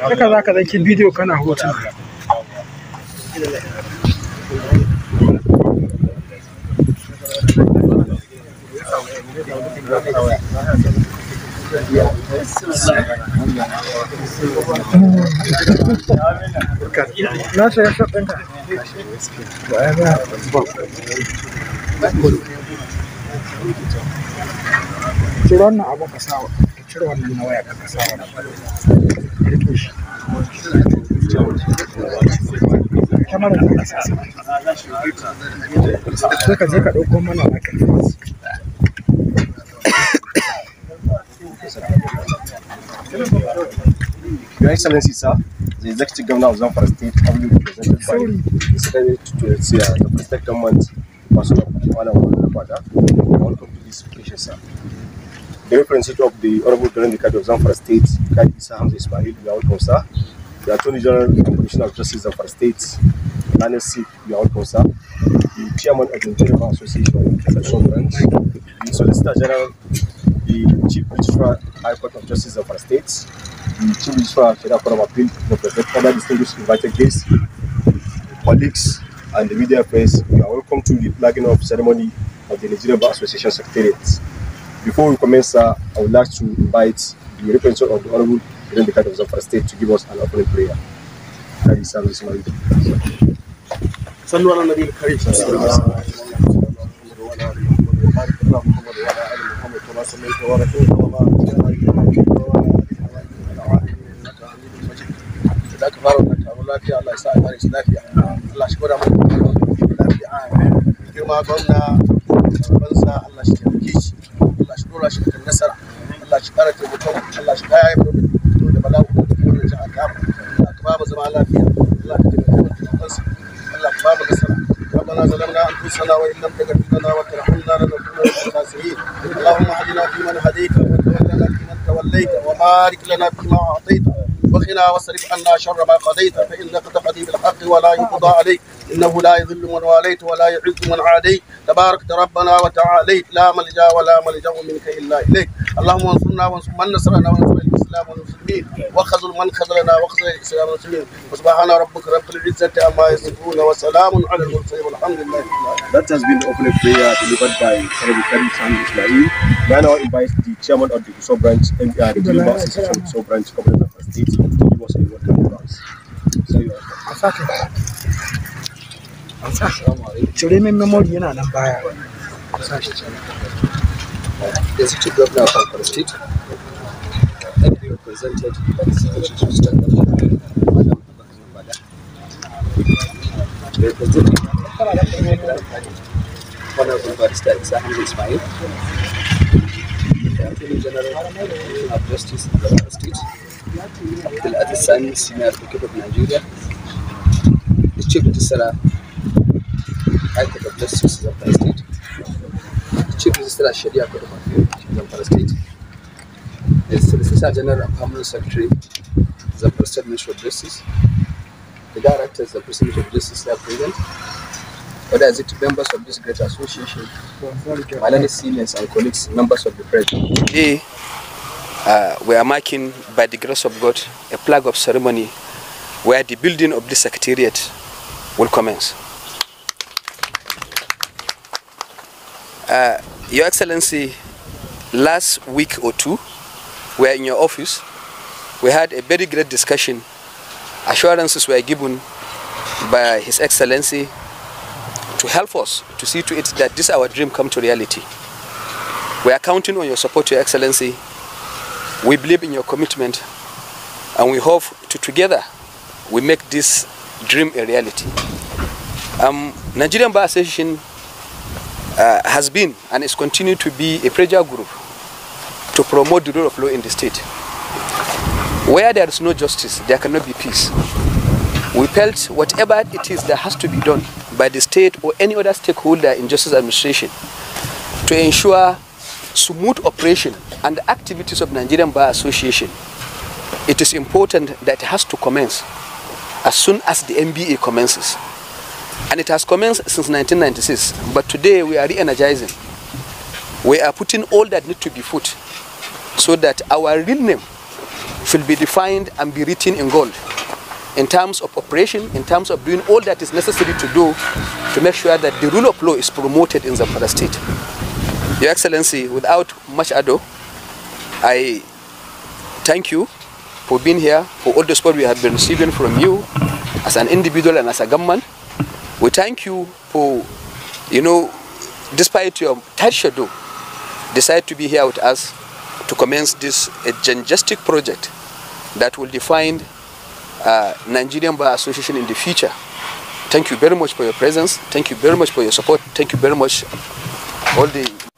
haka za ka zanki bidiyo kana hotuna Na saya cire wannan abin ka sa wannan na waya ka sa wannan ka rike shi kamar da ka sa sai ka je ka ɗauko mana Your Excellency, sir, the Executive Governor of Zamfara State, humbly presented by the to uh, the President Government, Masuna Kutumala Wadda, welcome to this occasion, sir. the representative of the Honorable Governor Kadi of Zamfara State, Kadi Isa Ismail, you are welcome, sir. The Attorney General of the Commission of Justice Zamfara State, Daniel Sik, you are welcome, sir. The Chairman of the Interior Association, Professor Branch, the Solicitor General, the Chief Registrar, High Court of Justice of Zamfara state, the Chief Registrar, Federal Court of Appeal, the other distinguished invited guests, colleagues, and the media press, you are welcome to the flagging of ceremony of the Nigerian Bar Association Secretariat. Before we commence, uh, I would like to invite the representative of the Honorable President of the State to give us an opening prayer. That is Sam انفسنا وان لم تغفر لنا وترحمنا لنكون من الخاسرين اللهم اهدنا فيمن هديت وتولنا فيمن توليت وبارك لنا فيما اعطيت وقنا واصرف عنا شر ما قضيت فانك تقضي بالحق ولا يقضى عليك انه لا يذل من واليت ولا يعز من عاديت تبارك ربنا وتعاليت لا ملجا ولا ملجا منك الا اليك اللهم انصرنا وانصر من نصرنا وانصر الاسلام والمسلمين وخذل من خذلنا وخذل الاسلام والمسلمين وسبحان ربك رب العزه عما يصفون وسلام على المرسلين والحمد لله That has been the opening prayer delivered by Honorable Karim Sami Ismail. May I now invite the chairman of the Uso branch, MPR, the Deliver Association of Uso branch, Government of the State, to give us a welcome to us. Thank you Thank Thank you. you. Thank you. Thank you. Thank you. Thank you. Thank you. Thank you presented by the Secretary of State Honorable Barrister Ismail, the Attorney General of Justice of the State, Abdul Senior Advocate of Nigeria, the Chief Justice of the State, the Chief Registrar of Appeal, State, is Solicitor General and Permanent Secretary the President Ministry of Justice. The Director of the President of Justice the present. other it, members of this great association, my learned seniors and colleagues, members of the press? Today, uh, we are marking, by the grace of God, a plug of ceremony where the building of the secretariat will commence. Uh, Your Excellency, last week or two, were in your office. We had a very great discussion. Assurances were given by His Excellency to help us to see to it that this our dream come to reality. We are counting on your support, Your Excellency. We believe in your commitment and we hope to together we make this dream a reality. Um, Nigerian Bar Association uh, has been and is continued to be a prayer group to promote the rule of law in the state. Where there is no justice, there cannot be peace. We felt whatever it is that has to be done by the state or any other stakeholder in justice administration to ensure smooth operation and the activities of Nigerian Bar Association, it is important that it has to commence as soon as the MBA commences. And it has commenced since 1996, but today we are re-energizing. We are putting all that need to be put so that our real name will be defined and be written in gold in terms of operation, in terms of doing all that is necessary to do to make sure that the rule of law is promoted in Zamfara state. Your Excellency, without much ado, I thank you for being here, for all the support we have been receiving from you as an individual and as a government. We thank you for, you know, despite your tight schedule, decide to be here with us to commence this a gengistic project that will define uh, Nigerian Bar Association in the future. Thank you very much for your presence. Thank you very much for your support. Thank you very much all the